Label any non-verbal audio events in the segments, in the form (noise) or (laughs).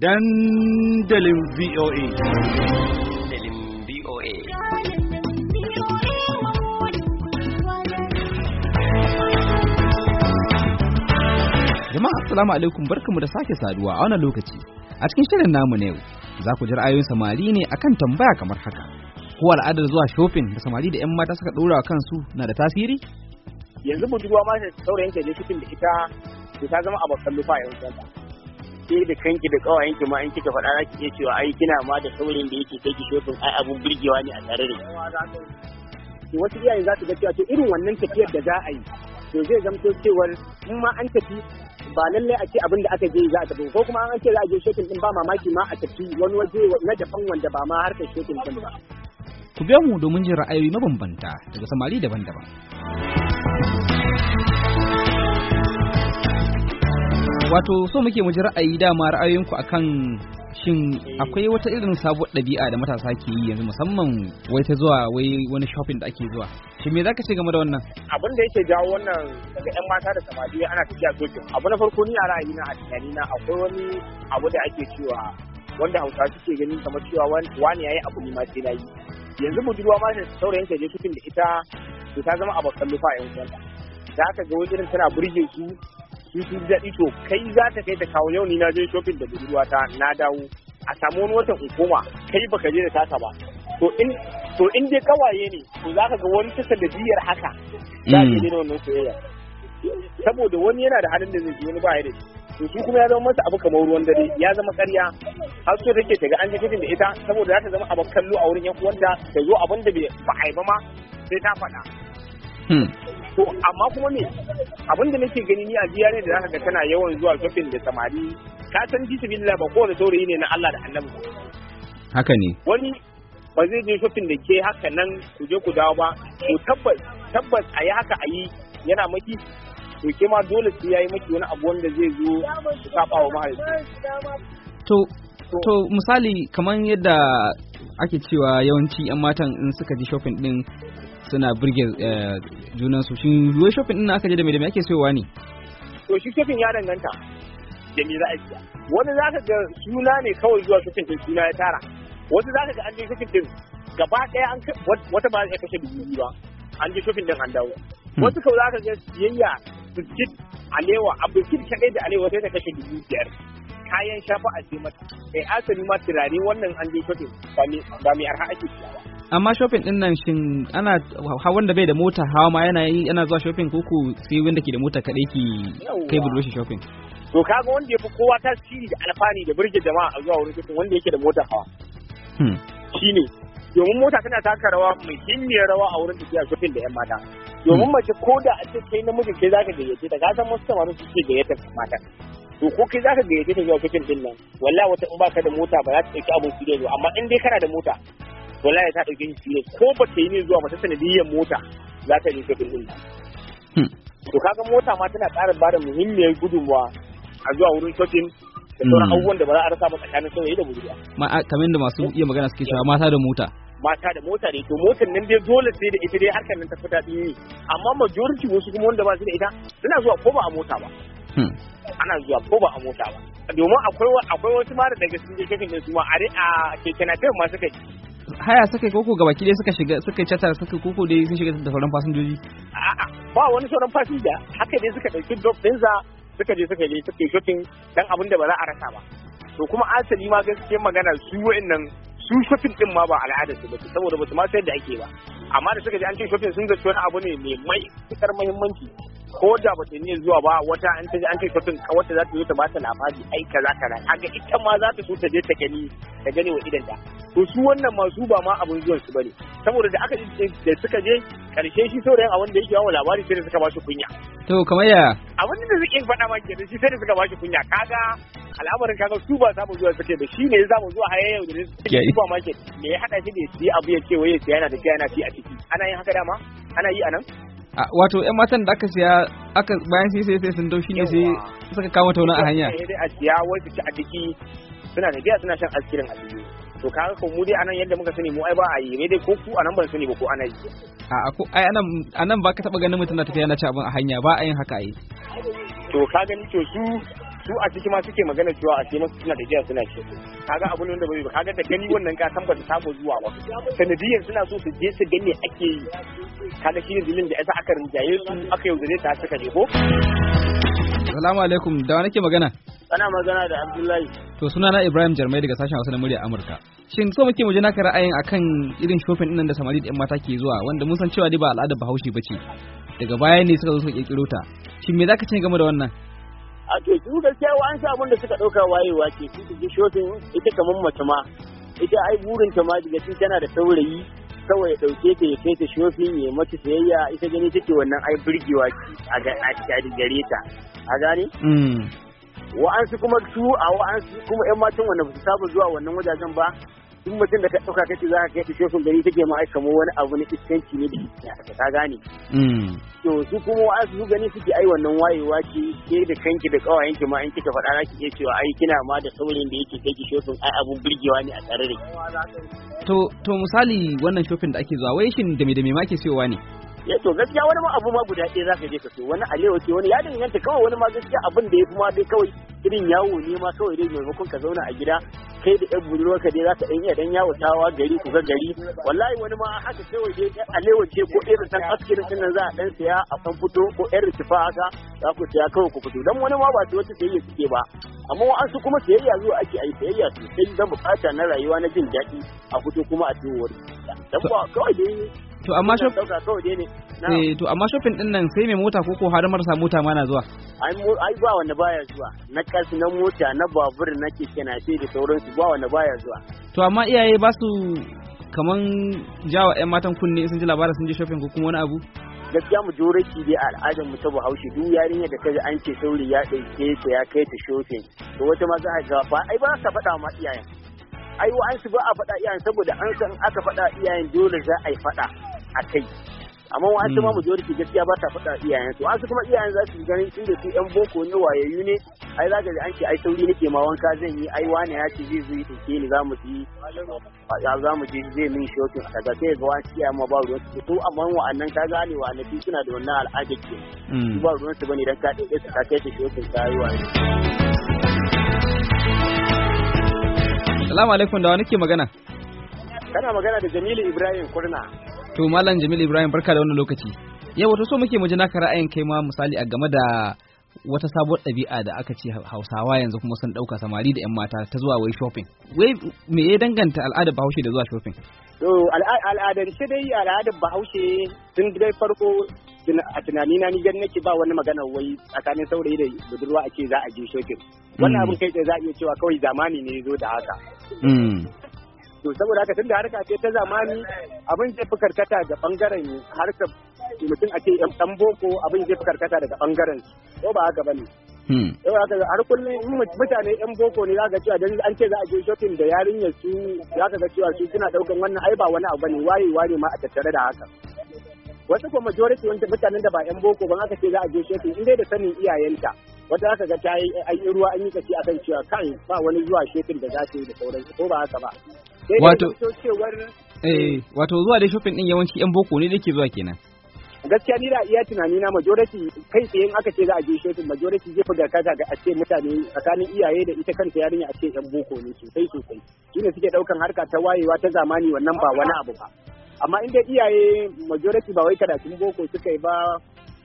dandalin VOA. Dandalin VOA. Jama'a assalamu alaikum barkamu da sake saduwa a wannan lokaci. A cikin shirin namu ne yau za ku ji ra'ayoyin samari ne akan tambaya kamar haka. Ko al'adar zuwa shopping da samari da 'yan mata suka ɗora kansu na da tasiri? Yanzu budurwa ma saurayin ta da ita ta zama abokan lufa a yanzu. ke da kanki da kawayen ki ma in kika faɗa za ki iya cewa ai kina ma da saurin da yake kai ki shofin ai abun birgewa ne a tare da ki wasu iyayen za su ga cewa to irin wannan tafiyar da za a yi to zai zamto cewar in ma an tafi ba lallai a ce abin da aka je za a tafi ko kuma an ce za a je shopping din ba mamaki ma a tafi wani waje na daban wanda ba ma harkar shopping din ba ku biya mu domin jin ra'ayoyi mabambanta daga samari daban-daban wato so muke mu ji ra'ayi dama ra'ayoyinku akan shin akwai wata irin sabuwar ɗabi'a da matasa ke yi yanzu musamman wai ta zuwa wai wani shopping da ake zuwa shin me zaka ce game da wannan abin da yake jawo wannan daga yan mata da samadi ana tafiya sokin abu na farko ni a ra'ayi na a tunani na akwai wani abu da ake cewa wanda hausa suke ganin kamar cewa wani yayi abu ne ma sai na yi yanzu budurwa ma ta saurayin ta je shopping da ita to ta zama abokan lufa yan uwanta Da aka ga wani irin tana burge su sun sun daɗi to kai za ta kai ta kawo yau ni na je shopping da budurwata na dawo a samu wani watan hukuma kai baka je da tasa ba to in to in dai kawaye ne to za ka ga wani da biyar haka za ka je mm. wannan soyayya saboda wani yana da halin da zai ji wani ba ya da shi to su kuma ya zama masa abu kamar ruwan dare ya zama ƙarya har so take ta ga an jikin da ita saboda za ta zama abu kallo a wurin yan uwanta ta zo abin da ba a ba ma sai ta faɗa Hmm. to amma kuma me abin da nake gani ni a biya ne da zaka ga tana yawan zuwa shopping da samari ka san bismillah ba kowane saurayi ne na Allah da Annabi haka ne wani ba zai je shopping da ke haka nan ku je ku dawo ba to tabbas tabbas a yi haka a yi yana maki to ke ma dole sai yayi maki wani abu wanda zai zo su saba wa mahaifi to to misali kamar yadda ake cewa yawanci 'yan matan in suka ji shopping din suna birge eh, junan su shin wai shopping din aka je da me da me ake sayowa ne to shi shopping ya danganta da me za a siya wani za ka ga suna ne kawai zuwa shopping din suna ya tara wasu za ka ga an je shopping din gaba daya an wata ba ya kashe dubu biyu ba an je shopping din an dawo hmm. wasu kawai za ka ga siyayya biskit alewa a biskit kaɗai da alewa sai ta kashe dubu biyar kayan shafa a ce mata kai asali ma turare wannan an je shopping ba mai arha ake siya ba amma shopping din nan shin ana hawan da bai da mota hawa ma yana yi yana zuwa shopping ku sai wanda ke da mota kadai ki kai budurwar shi shopping to kaga wanda yafi kowa ta shiri da alfani da burge jama'a zuwa wurin shopping wanda yake da mota hawa hmm. shine domin mota tana taka rawa muhimmiyar rawa a wurin tafiya shopping da yan mata domin hmm. mace ko da a ce kai namijin kai zaka gayyace ta ka san wasu samarin su ce gayyatar mata to ko kai zaka gayyace ta zuwa shopping din nan wallahi wata in baka da mota ba za ta ɗauki abin su da amma in dai kana da mota wallahi ta ɗauke shi ne ko ba ta yi ne zuwa ba ta sanadiyyar mota za ta yi kafin ɗin to kaga mota ma tana ƙara bada muhimmiyar gudunmawa a zuwa wurin shopping da sauran hmm. abubuwan da ba za a rasa ba tsakanin sauyi da budurwa ma kamar da masu iya magana suke cewa mata da mota mata da mota ne to motar nan dai dole sai da ita dai harkar nan ta fi daɗin yi amma majority wasu kuma wanda ba su da ita suna zuwa ko ba a mota ba hmm. ana zuwa ko ba a mota ba domin akwai wasu mara daga sun je kafin su ma a keke na ma suka yi haya suka yi koko gabaki dai suka shiga suka cata suka koko dai sun shiga da sauran fasinjoji a'a ba wani sauran fasinja haka dai suka dauki dog ɗinsa suka je suka je suka yi shopping dan abin da ba za a rasa ba to kuma asali ma gaskiya magana su wa'annan su shopping din ma ba al'ada su bace saboda ba su ma sayar da ake ba amma da suka je an ce shopping sun zato wani abu ne mai mai mahimmanci. muhimmanci ko da ba ta niyyar zuwa ba wata an ta an kai kwatun wata za ta zo ta ba ta labari ai kaza kaza kaga ita ma za ta so ta je ta gani ta gani wa idan ta to su wannan masu ba ma abun zuwan su bane saboda da aka da suka je karshe shi saurayin a wanda yake yawan labari sai da suka ba shi kunya to kamar ya abin da zai faɗa ma kenan shi sai da suka ba shi kunya kaga al'amarin kaga su ba samu zuwa suke da shi ne ya samu zuwa haya yau da ne supermarket me ya hada shi da ya siya abu ya ce waye siya yana da yana fi a ciki ana yin haka dama ana yi anan wato yan matan da aka siya aka bayan sai sai sai sun dau shine sai suka kama tauna a hanya sai a siya wai biki a ciki suna da biya suna shan askirin a ciki to kaga ko mu dai anan yadda muka sani mu ai ba a yi ne dai ko ku anan ban sani ba ko ana yi a ko ai anan anan ba ka taba ganin mutum na tafiya na ci abin a hanya ba a yin haka ai to ka gani to su su a ciki ma suke magana cewa a cikin masu suna da jiya suna ce kaga abun da bai kaga da gani wannan ka san ba ta samu zuwa ba sanadiyan suna so su je su gane ake yi kaga shi ne dalilin da yasa aka rinjaye su aka yaudare ta suka je ko Salamu alaikum da wa nake magana ana magana da Abdullahi to sunana Ibrahim Jarmai daga sashen Hausa na murya Amurka shin so muke mu ji naka ra'ayin akan irin shofin ɗin da samari da 'yan mata ke zuwa wanda mun san cewa ne ba al'adar bahaushe ba ce daga baya ne suka zo suka kirkiro ta shin me zaka ce game da wannan a to su gaskiya wa an sa abin da suka ɗauka wayewa ke su su ji shotin ita kamar mace ma ita ai burin ta ma daga tun tana da saurayi kawai ya ɗauke ta ya kai ta shofin ya mace sayayya ita gani take wannan ai birgewa a a gare ta a gane? Hmm. wa'ansu kuma su a wa'ansu kuma 'yan matan wanda ba su saba zuwa wannan wajajen ba duk mutum da ka ɗauka kace za ka kai ta shofin gari take ma aika mu wani abu na iskanci ne da ta gane hmm. to su kuma wa su gani suke ai wannan wayewa ce ke da kanki da kawayenki ma in kika faɗa ki iya cewa ai kina ma da saurin da yake kai ki shofin ai abun birgewa ne a tsare da to to misali wannan shofin da ake zuwa wai shin da me da me ma ke siyowa ne ya eh, to gaskiya wani ma abu ma guda ɗaya za ka je ka so wani alewa ce wani ya danganta kawai wani ma gaskiya abin da ya fi ma dai kawai irin yawo ne ma kawai dai maimakon ka zauna a gida kai da yan budurwarka dai za ka ɗan iya ɗan yawatawa gari ku ga gari wallahi wani ma haka kawai dai a lewace ko irin san askirin ɗin nan za a ɗan saya a san fito ko ɗan rutufa haka za ku siya kawai ku fito dan wani ma ba ta wata sayayya suke ba amma wa'ansu kuma sayayya zuwa ake a yi sayayya sosai zan bukata na rayuwa na jin daɗi a fito kuma a ciwo wani dan to amma shop eh to amma shopping din nan sai mai mota ko ko har marasa mota ma na zuwa ai ai ba wanda baya zuwa na kasu na mota na babur na keke na da sauransu ba wanda baya zuwa to amma iyaye ba su kaman jawa ƴan matan kunne sun ji labarin sun je shopping ko kuma wani abu gaskiya mu joraki dai al'adar mu ta bahaushe duk yarinya da kaje an ce sauri ya dauke ta ya kai ta shopping to wata ma za a ga ba ai ba sa faɗa ma iyayen ai su ba a faɗa iyayen saboda an san aka faɗa iyayen dole za a yi faɗa a kai amma wa'ansu hmm. ma majority gaskiya ba ta faɗa iyayen su wa'ansu kuma iyayen za su yi ganin tun da su yan boko ne wayayyu ne ai za ka ji an ce ai sauri nake ma wanka zan yi ai wane ya ce zai zo ke ni za mu ji za mu ji zai min shokin daga sai ga wani iyayen ma ba ruwan su su amma wa'annan ka gane wa'annan suna da wannan al'ada ke hmm. ba ruwan su bane dan ka ɗauke su ka kai su shokin ka yi waye. Salamu alaikum da wani ke magana? Kana magana da Jamilu Ibrahim Kurna. to malam jamil ibrahim barka da wannan lokaci yau wato so muke mu naka ra'ayin kai ma misali a game da wata sabuwar ɗabi'a da aka ce hausawa yanzu kuma sun ɗauka samari da 'yan mata ta zuwa wai shopping wai me ya danganta al'adar bahaushe da zuwa shopping to al'adance dai al'adar bahaushe tun dai farko a tunani na ni gan nake ba wani magana wai tsakanin saurayi da budurwa ake za a je shopping wannan mm. abin kai za a iya cewa kawai zamani ne zo da haka mm. to saboda haka tunda harka ce ta zamani abin zai fi karkata ga bangaren harka mutum ake yan dan boko abin zai fi karkata daga bangaren ko ba haka bane yau hmm. haka har kullum mutane yan boko ne zaka cewa dan an ce za a je shopping da yarinyar su zaka ga cewa su suna daukan wannan ai ba wani abu bane wayewa ne ma a tattare da haka wasu ko majority wanda mutanen da ba yan boko ba aka ce za a je shopping in dai da sanin iyayenta wata aka ga ta yi ruwa an yi kaci akan cewa kan ba wani zuwa shekin da za ta yi da sauransu ko ba haka ba wato eh, wato zuwa dai shopping din yawanci yan boko ne dake zuwa kenan gaskiya ni da iya tunani na majority kai tsaye in aka ce za a je shopping majority zai fi karkata ga a ce mutane tsakanin iyaye da ita kanta yarinya a ce yan boko ne sosai sosai shine suke daukan harka ta wayewa ta zamani wannan ba wani abu ba amma in dai iyaye majority ba wai karatun boko suka yi ba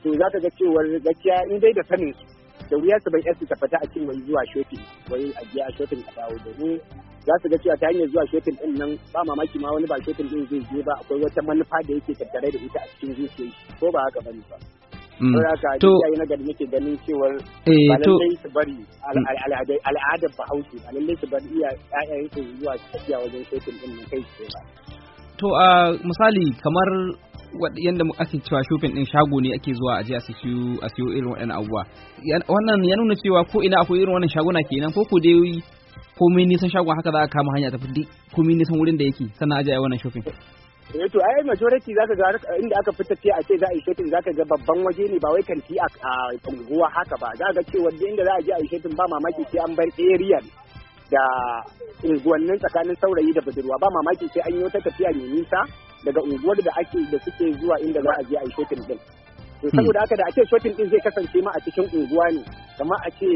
to za ka ga cewar gaskiya in dai da sanin su da wuya su bai yar su tafata a cikin wani zuwa shopping wani ajiya a shopping a dawo domin za su ga cewa ta hanyar zuwa shopping din nan ba mamaki ma wani ba shopping din zai je ba akwai wata manufa da yake tattare da ita a cikin zuciyar shi ko ba haka bane mm. eh, ba to yayin da nake ganin cewar ba lallai su bari mm. al'adar Bahaushe ba lallai su bari iya ƴaƴan su zuwa tafiya wajen shopping din nan kai ba to a misali kamar yadda ake cewa shopping din shago ne ake zuwa aje a siyo a siyo irin waɗannan abubuwa wannan ya nuna cewa ko ina akwai irin wannan shaguna kenan ko ko dai komai nisan shagon haka za a kama hanya ta duk komai nisan wurin da yake sannan aje a wannan shopping eh to ai majority zaka ga inda aka fita ce a ce za a yi shopping zaka ga babban waje ne ba wai kanti a unguwa haka ba za ga cewa inda za a je a yi shopping ba mamaki sai an bar area da unguwannin tsakanin saurayi da budurwa ba mamaki sai an yi wata tafiya mai nisa daga unguwar da ake da suke zuwa inda za a je a yi shopping din to hmm. saboda haka da ake shopping din zai kasance ma a cikin unguwa ne kamar a ce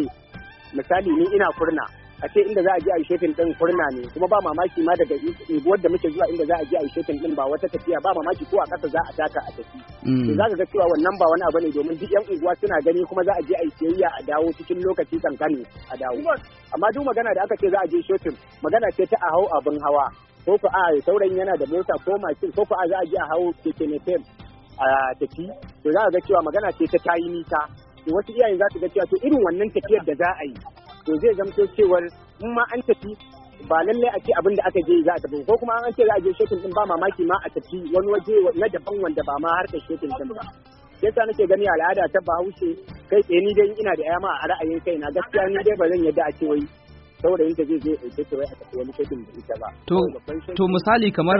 misali ni ina kurna a ce inda za a je a yi shopping din kurna ne kuma ba mamaki ma daga unguwar da muke zuwa inda za a je a yi shopping din ba wata tafiya ba mamaki ko a kasa za a taka a tafi hmm. to za ka ga cewa wannan ba wani abu ne domin duk yan unguwa suna gani kuma za a je a yi siyayya a dawo cikin lokaci kankani a dawo amma duk magana da aka ce za a je shopping magana ce ta a hau abin hawa ko ku a saurayin yana da mota ko mashin ko ku a za a je a hawo keke fem a tafi to za a ga cewa magana ce ta tayi nisa to wasu iyayen za su ga cewa to irin wannan tafiyar da za a yi to zai zamto cewar in ma an tafi ba lallai a ce abin da aka je za a tafi ko kuma an ce za a je shekin din ba mamaki ma a tafi wani waje na daban wanda ba ma harkar shekin din ba yasa nake gani al'ada ta bahaushe kai tsaye ni dai ina da yama a ra'ayin kai na gaskiya ni dai ba zan yadda a ce wai saboda da zai je ɗauke ta a tafi wani kudin da ita ba. To misali kamar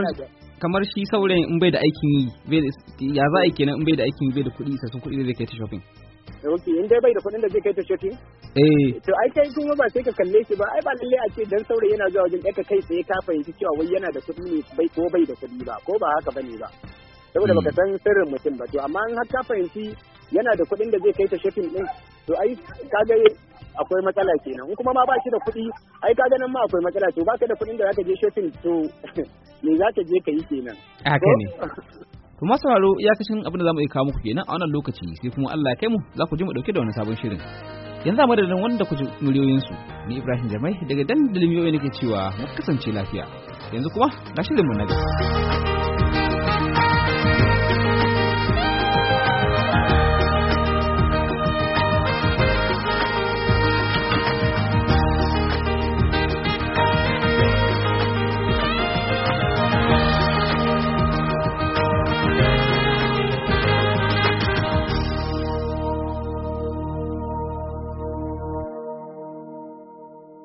kamar shi saurayin in bai da aikin yi ya za a kenan in bai da aikin yi bai da kuɗi isassun kuɗi da zai kai ta shopping. Eh, ok, in dai bai da kuɗin da zai kai ta shopping? Eh. To ai kai kuma ba sai ka kalle shi ba, ai ba lalle a ce dan saurayi yana zuwa wajen ɗaka kai tsaye ka fahimci cewa wai yana da kuɗi ne bai ko bai da kuɗi ba, ko ba haka bane ba. Saboda baka hmm. san sirrin mutum ba, to amma in har ka fahimci yana da kuɗin da zai kai ta shopping ɗin, to ai kaga akwai matsala kenan in kuma ma ba shi da kuɗi ai ka ganin ma akwai matsala to baka da kuɗin da zaka je shopping to (laughs) me zaka je ka yi kenan haka ne to masu sauraro iyakacin abin da zamu iya kawo muku kenan a wannan lokaci sai kuma Allah ya kai mu za ku ji mu dauke da wani sabon shirin yanzu a madadin wanda ku ji su ni ibrahim jamai daga dandalin ne ke cewa mu kasance lafiya yanzu kuma shirin mu na gaba